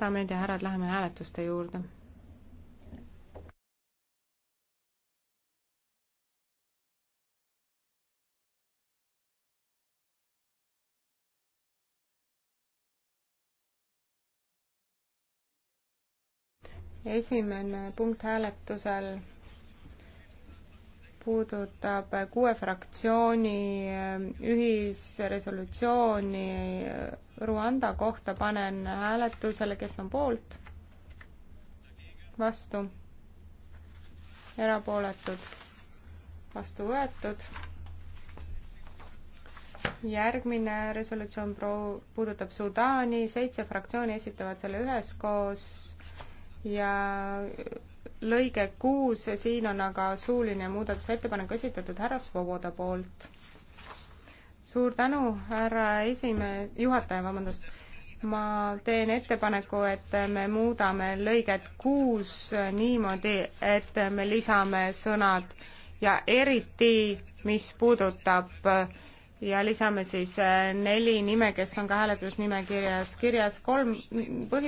daamid ja härrad, läheme hääletuste juurde. esimene punkt hääletusel puudutab kuue fraktsiooni eh, ühisresolutsiooni eh, Rwanda kohta, panen hääletusele, kes on poolt, vastu, erapooletud, vastu võetud. järgmine resolutsioon pro-, puudutab Sudaani, seitse fraktsiooni esitavad selle üheskoos ja lõige kuus, siin on aga suuline muudatusettepanek esitatud härra Svoboda poolt. suur tänu, härra esimees, juhataja, vabandust. ma teen ettepaneku, et me muudame lõiget kuus niimoodi, et me lisame sõnad ja eriti, mis puudutab ja lisame siis eh, neli nime, kes on ka hääletusnimekirjas kirjas kolm põhi,